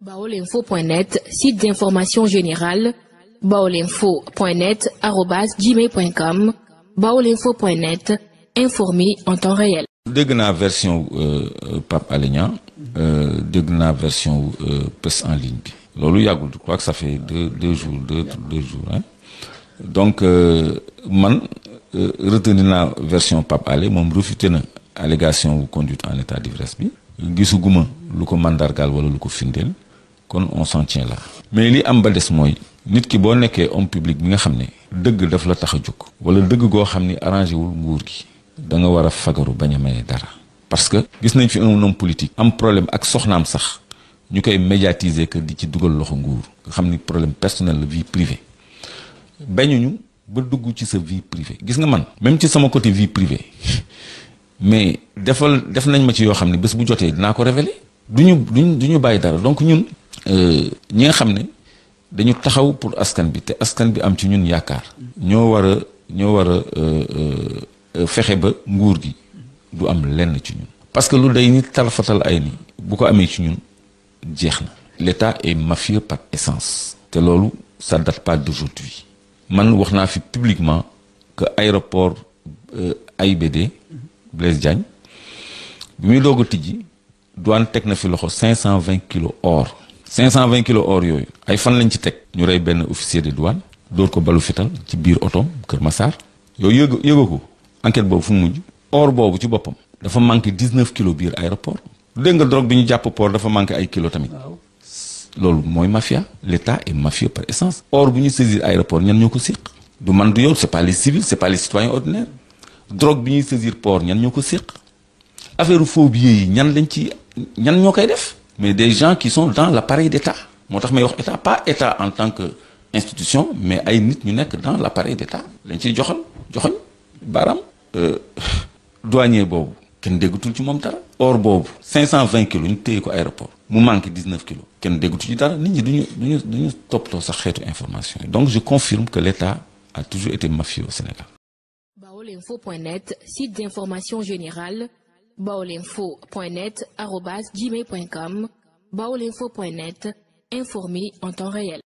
baolinfo.net site d'information générale baolinfo.net arobase gmail.com baolinfo.net informé en temps réel. dégg naa version euh, Pape Alenia euh, dégg naa version euh, pes en ligne bi loolu yàggul je crois que deux deux man retenir naa version Pape Ale moom réfuté na allégation wu en état d'ivresse bi. gisuguma lu ko mandargaal wala lu ko firndeel. kon on s'en tient là mais li am ba des mooy nit ki boo nekkee homme public bi nga xam ne dëgg daf la tax a jóg wala dëgg goo xam ni arrangé wul nguur gi danga war a fagaru bañ a maye dara parce que gis nañ fi un homme politique am problème ak soxnaam sax ñu koy médiatiser que di ci dugal loxo nguur nga xam ni problème personnel la vie privée bañuñu ba dugg ci sa vie privée gis nga man même ci sama côté vie privée mais defal def nañ ma ci yoo xam ne bés bu jotee dinaa ko révéler duñu duñ du ñu bàyyi dara donc ñun ñi nga xam ne dañu taxaw pour askan bi te askan bi am ci ñun yaakaar ñoo war a ñoo war a euh, euh, euh, fexe ba nguur gi du am lenn ci ñun parce que lu day ni tarfatal ay ni bu ko amee ci ñun jeex na l'état est mafieux par essence te loolu ça date pas d'aujourd'hui man wax naa fi publiquement que aéroport AIBD Blaise Diagne bi muy doog a tijji douane teg na fi loxo cinq cent vingt kilos or cinq 520 kilo or yooyu ay fan lañ ci teg ñu rey benn officier de douane dóor ko balu fital ci biir otoom Kër Massar yooyu yëg yëga ko enquête boobu fu mu mujj or boobu ci boppam dafa manqué 19 kilos biir aéroport dégg nga drogue bi ñu jàpp port dafa manqué ay kilos tamit loolu mooy mafia l' état est mafieux par essence or bu ñu saisir aéroport ñan ñoo ko séq du man du yow c' est pas les civils c' est pas les citoyens ordinaires drogue bi ñuy saisir port ñan ñoo ko séq affaire faux billets ñan lañ ci ñan ñoo koy def mais des gens qui sont dans l'appareil d'État moo tax ma wax État pas État en tant que institution mais ay nit ñu nekk dans l'appareil d'État lañ ciy joxal joxoñ baaraam. Euh, douanier boobu kenn déggatul ci moom dara. or boobu 520 kilos ñu téye ko aéroport mu manqué 19 kilos kenn déggatul ci dara nit ñi duñu duñu duñu toppatoo sax xeetu information donc je confirme que l'État a toujours été mafieux au Sénégal. Baolinfo.net, baolinfo point net arobase gmail point com baolinfo point net informer en temps réel